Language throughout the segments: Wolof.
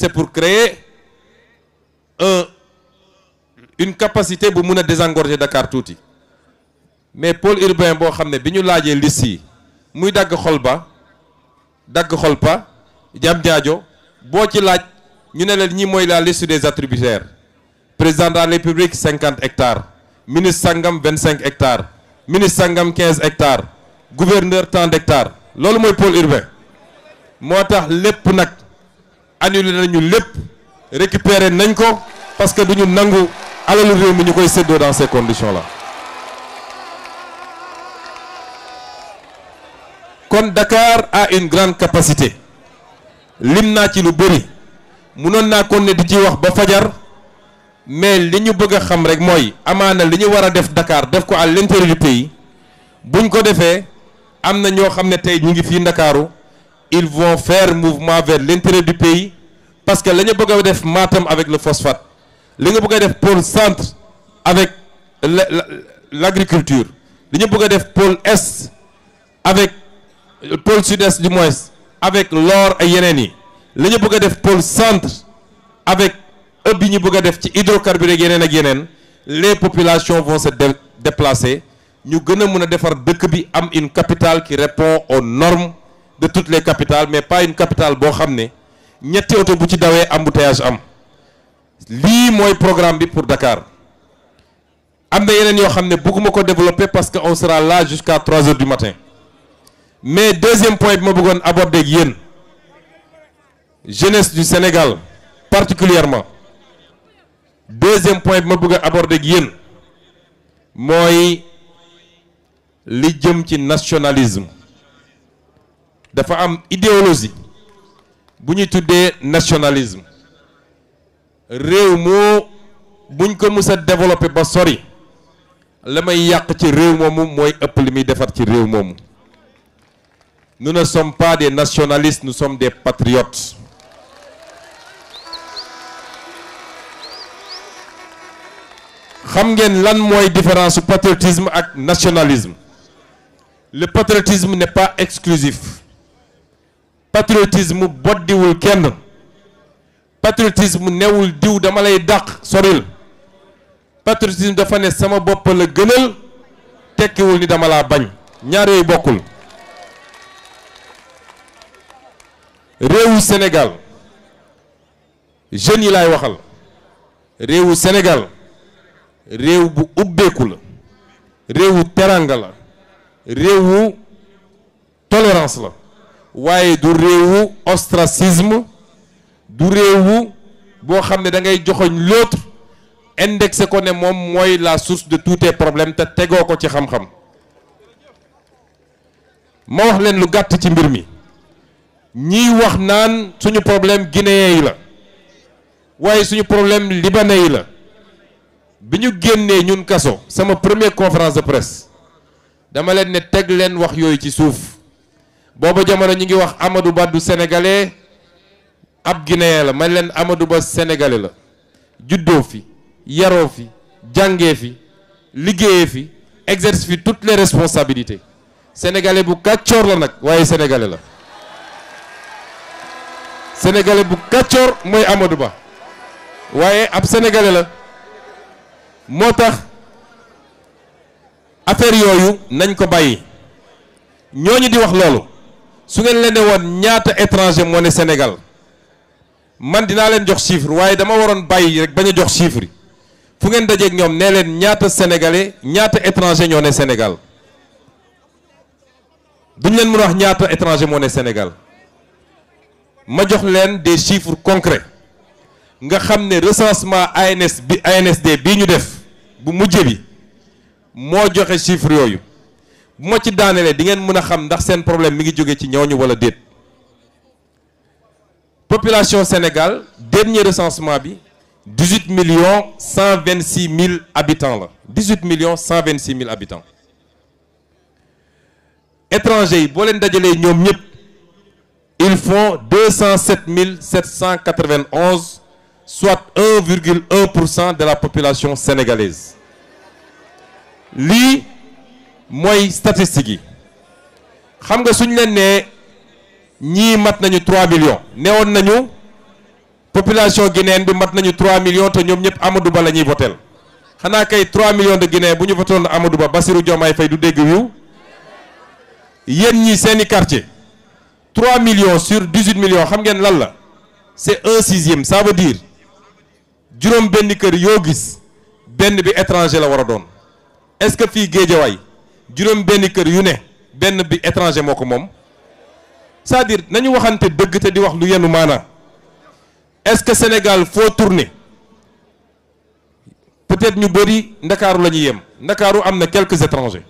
c'est pour créer une capacité pour désengorger Dakar tout. Mais Paul Urbain, si on a dit que l'on a dit il a des qui ont dit, ils dit, dit que la liste des attributaires. Président de la République, 50 hectares. Ministre Sangam, 25 hectares. Ministre Sangam, 15 hectares. Gouverneur, tant hectares. C'est ce que Paul Urbain. Moi, je suis annulé nañu lépp récupéré nañ ko parce que duñu nangu alalu réew mi ñu koy séddoo dans ces conditions là kon dakaar a une grande capacité lim naa ci lu bëri munoon naa kon ne di ci wax ba fajar mais li ñu bëgg a xam rek mooy amaana li ñu war a def Dakar def ko à l'intérieur du pays buñ ko defee am na ñoo xam ne tey ñu ngi fii Ndakaaru ils vont faire mouvement vers l'intérêt du pays parce que la ñu bëgg avec le phosphate li nga bëgg pôle centre avec l'agriculture li ñu bëgg le pôle est avec pôle sud-est du moins avec l'or et yeneen yi li ñu bëgg pôle centre avec les hydrocarbures yenen ak les populations vont se déplacer Nous avons a une capitale qui répond aux normes de toutes les capitales mais pas une capitale qui xam ne ñetti oto bu ci dawee embouteillage am est programme pour Dakar am na yeneen yoo beaucoup parce qu'on sera là jusqu'à 3h du matin mais deuxième point que je veux aborder jeunesse du Sénégal particulièrement deuxième point que je veux aborder c'est le nationalisme dafa am idéologie bu ñuy nationalisme réew buñ ko mës a développé ba sori la may yàq ci réew moomu mooy ëpp li ci nous ne sommes pas des nationalistes nous sommes des patriotes xam ngeen lan mooy différence patriotisme ak nationalisme le patriotisme n'est pas exclusif patriotisme boddiwul kenn patriotisme newul diw dama lay dàq soril patriotisme dafa ne sama bopp la gënal tekkiwul ni dama laa bañ ñaaree yooyu bokkul réewu Sénégal jeunes yi lay waxal réewu Sénégal réew bu ubbeeku la réewu teranga la réewu tolérance la waye du réewu ostracisme du réewu bo xamné da ngay joxoñ l'autre indexé ko né mom moy la source de tous tes problèmes té tégo ko ci xam-xam ma wax leen lu gatt ci mbir mi ñi wax naan suñu problème guinéen yi la waye suñu problème libanais yi la biñu génné ñun kasso sama première conférence de presse dama leen ne teg leen wax yoy ci suuf booba jamono ñi ngi wax Amadou Ba sénégalais ab guinéen la man len Amadou Ba sénégalais la juddo fi yaro fi jangé fi liggéeyee fi exerce fi toutes les responsabilités sénégalais bu kacior la nak waye sénégalais la sénégalais bu kacior moy Amadou Ba waye ab sénégalais la motax affaire yoyu nañ ko bayyi ñoñu di wax Si vous avez des étrangers au étranger Sénégal man vais chiffres, jox chiffre des dama rek chiffre sénégalais étranger Sénégal vous avez Sénégal Je des chiffres concrets nga que le recensement ANSD population Sénégal dernier recensement 18 millions 126 mille habitants 18 millions 126 mille habitants étrangers ils font 207 791 soit 1,1 de la population sénégalaise moy statistique yi xam nga suñ leen né ñi mat nañu 3 millions newoon nañu population guinéenne bi mat nañu 3 millions té ñom ñep Amadou Ba lañuy ñuy votel xanaa kay 3 millions de Guinéens buñu ñu votoon Amadou Ba Bassirou diomay fay du dégg wiw yeen ñi seeni quartier 3 millions sur 18 millions xam ngeen lan la c'est un sixième ça veut dire juróom benn kër yo gis benn bi étranger la wara doon est-ce que fi Géejawaay juróom benn kër yu ne benn bi étranger moo ko moom c'est-à-dire nañu waxante dëgg te di wax lu yenu maanaa est-ce que Sénégal foo tourner peut-être ñu bëri ndakaaru la ñuy yem ndakaaru am na quelques étrangers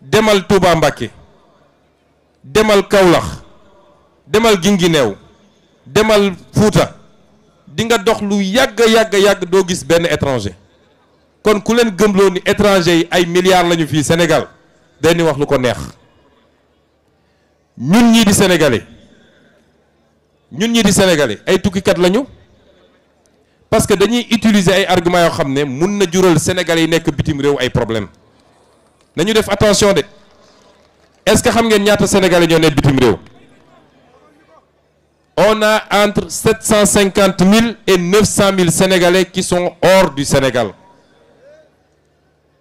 demal Touba Mbacké demal Kaolack demal Guinguinéo demal Fouta di nga dox lu yàgg yàgg yàgg doo gis benn étranger donc, si vous avez des étrangers, des milliards au Sénégal, vous allez dire ce qu'on a. Nous, les Sénégalais, nous, les Sénégalais, nous sommes tous les Parce que nous utilisons des arguments qui savent qu'il ne peut pas les Sénégalais qui ont des problèmes. Nous devons faire attention. Est-ce que vous savez combien de Sénégalais ont des problèmes On a entre 750 000 et 900 000 Sénégalais qui sont hors du Sénégal.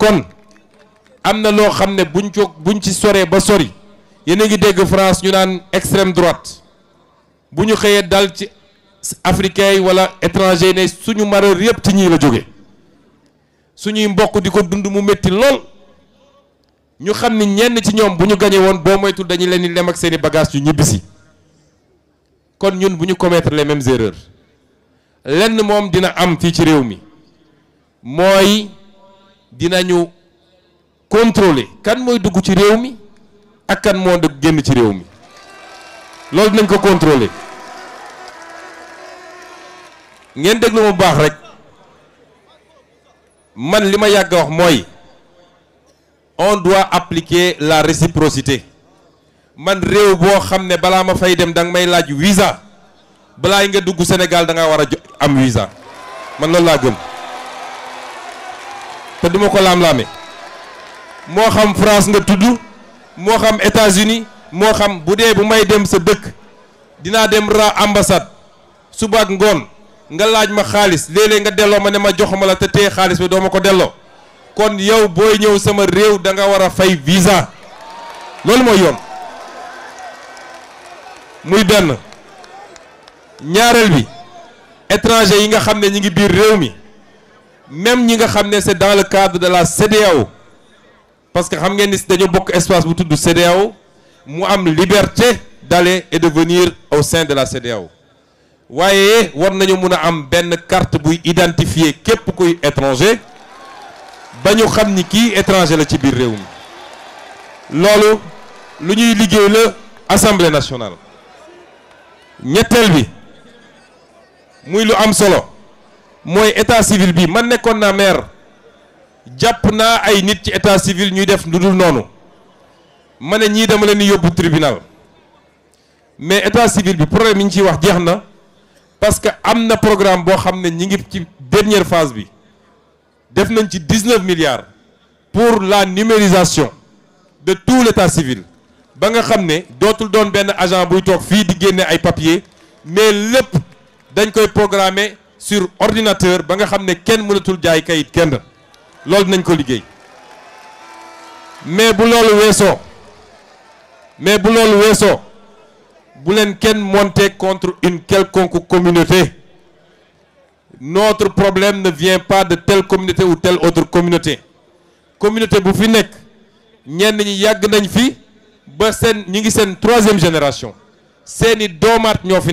kon am na loo xam ne buñ ko buñ ci soree ba sori yéen a ngi dégg France ñu naan extrême droite bu ñu xëyee dal ci africain yi wala étranger yi ne suñu malheur yëpp ci ñii la jóge suñuy mbokk di ko dund mu métti lool ñu xam ni ñenn ci ñoom bu ñu gañe woon boo moytul dañu leen di lem ak seen i bagage yu ñibbisi kon ñun bu ñu commettre les mêmes erreurs lenn moom dina am fii ci réew mi mooy dinañu contrôler kan moy dugg ci réew mi ak kan mo dugg genn ci réew mi dinañ ko contrôler ngeen déglu ma bax rek man lima yagg wax moy on doit appliquer la réciprocité man réew bo ne ma fay dem laju may laaj visa bala nga dugg Sénégal da nga wara am visa man lolou la te duma ko lam lamé mo xam France nga tuddu mo xam États-Unis mo xam budé bu may dem sa dëkk dina dem ra ambassade suba ak ngoon nga laaj ma xaliss lélé nga délo ma né ma joxuma la te té xaliss bi do ma ko kon yow boy ñew sama réew da nga wara fay visa loolu moy yoon muy ben ñaareel bi étranger yi nga xamné ñi ngi biir réew mi même ñi nga xamné c'est dans le cadre de la CDAO parce que xam ngeen ni dañu bokk espace bu tuddu nous mu am liberté d'aller et de venir au sein de la CDAO wayé war nañu mëna une am carte pour identifier qui kuy étranger bañu ñu xam ni étranger la ci biir réew mi Nationale. lu ñuy liggéey le assemblée nationale ñettel bi muy lu am solo moy état civil bi man nekkoon naa maire jàpp naa ay nit ci état civil ñuy def lu nonu mané ñi ne dama leni yobbu tribunal mais état civil bi problème yi ci wax jeex parce que amna programme bo xamné ñi ngi ci dernière phase bi def nañ ci 19 milliards pour la numérisation de tout l'état civil ba nga xamné ne dootul doon ben agent buy toog fi di génné ay papiers mais lepp dañ koy programmer sur ordinateur ba nga xamné kenn mënatul jaay kayit kenn loolu dinañ ko liggéey mais bu loolu wesso mais bu loolu wesso bu len kenn monter contre une quelconque communauté notre problème ne vient pas de telle communauté ou telle autre communauté communauté bu fi nek ñen ñi yag nañ fi ba sen ñi ngi seen troisième génération seeni doomaat ñoo fi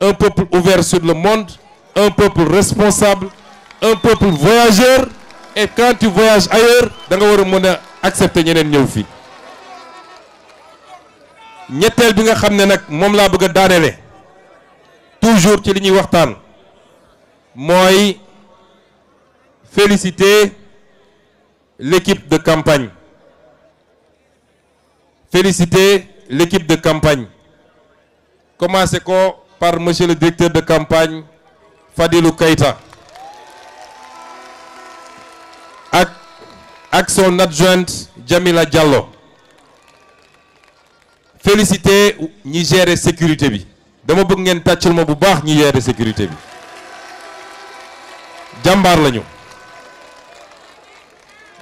un peuple ouvert sur le monde, un peuple responsable, un peuple voyageur. Et quand tu voyages ailleurs, tu nga war a de accepter ñeneen ñëw fii ñetteel bi nga xam que tu bëgg toujours ci li féliciter l'équipe de campagne féliciter l'équipe de campagne Comment c'est ko par M. le directeur de campagne Fadilou Keïta et adjointe Jamila Diallo félicité Niger et sécurité Je dama que ngeen vous bu sécurité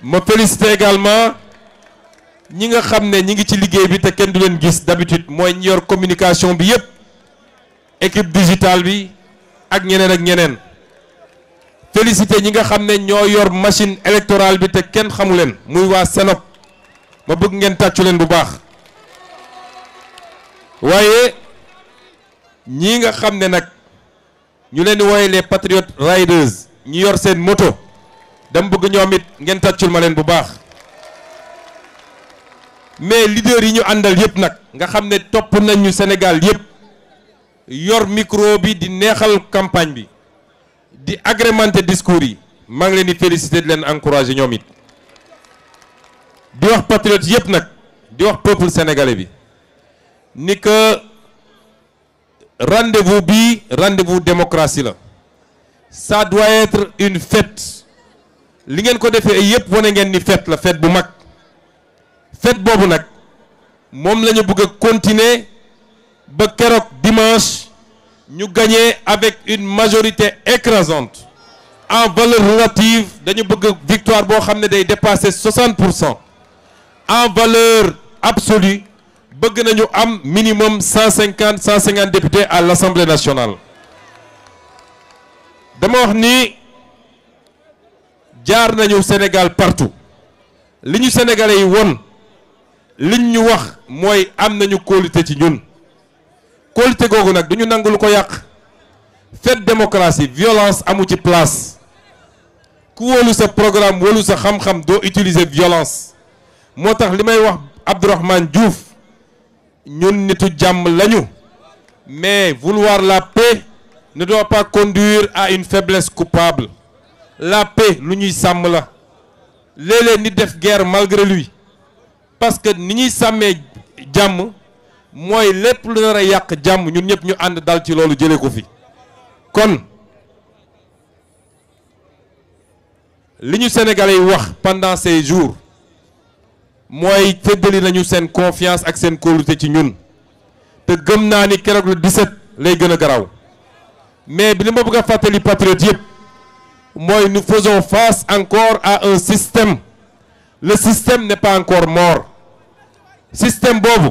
bi également ñi nga ñi te d'habitude moi, communication bi équipe digitale bi ak ñeneen ak ñeneen félicité ñi nga xam ne ñoo yor machine électorale bi te kenn xamu leen muy waa Senop ma bëgg ngeen tàccu leen bu baax waaye ñi nga xam ne nag ñu leen di wooye les patriotes riders ñi yor seen moto dama bëgg ñoom it ngeen tàccul ma leen bu baax mais leader yi ñu àndal yëpp nag nga xam ne topp nañ ñu Sénégal yëpp. yor micro bi di neexal campagne bi di agrémenter discours yi ma ngi leen di féliciter di leen encourager ñoom it di wax patriote yépp nag di wax peuple sénégalais bi ni que rendez-vous bi rendez-vous démocratie la ça doit être une fête li ngeen ko defee yépp wane ngeen ni fête la fête bu mag fête boobu nag moom la ñu bëgg a continuer ba dimanche nous gagnons avec une majorité écrasante en valeur relative dañu une victoire qui xam dépasser 60 en valeur absolue nous avons un minimum 150 150 députés à l'Assemblée nationale dama nous ni le Sénégal partout li sénégalais yi won wax am kóolute ce nag du ñu nangu ko yak fête démocratie violence amu ci place ku wolu sa programme wolu sa xam-xam do utiliser violence motax limay wax Abdourahmane Diouf ñun nitu jàmm lañu mais vouloir la paix ne doit pas conduire à une faiblesse coupable la paix luñuy sam la lélé def guerre malgré lui parce que ni ñuy sàmmee jàmm moy lepp lu nar a yàq jàmm ñun ñep ñu and dal ci lolu jëlee ko fi kon liñu sénégalais wax pendant ces jours moy feddali nañu seen confiance ak seen kóolute ci ñun te gëm naa ni keroog le 17 lay gëna graw mais bi li ma bëgg a patriote yëpp moy nous faisons face encore à un système le système n'est pas encore mort système bobu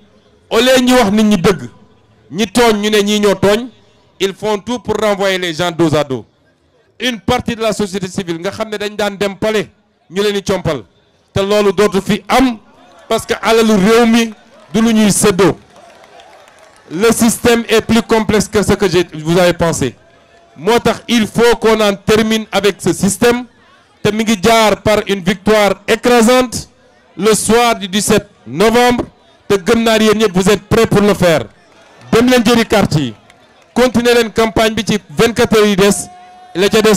ils font tout pour renvoyer les gens dos à dos une partie de la société civile dañ daan dem ñu parce que le système est plus complexe que ce que vous avez pensé il faut qu'on en termine avec ce système par une victoire écrasante le soir du 17 novembre vous êtes prêts pour le faire demain leen jëri carte yi campagne 24 heures et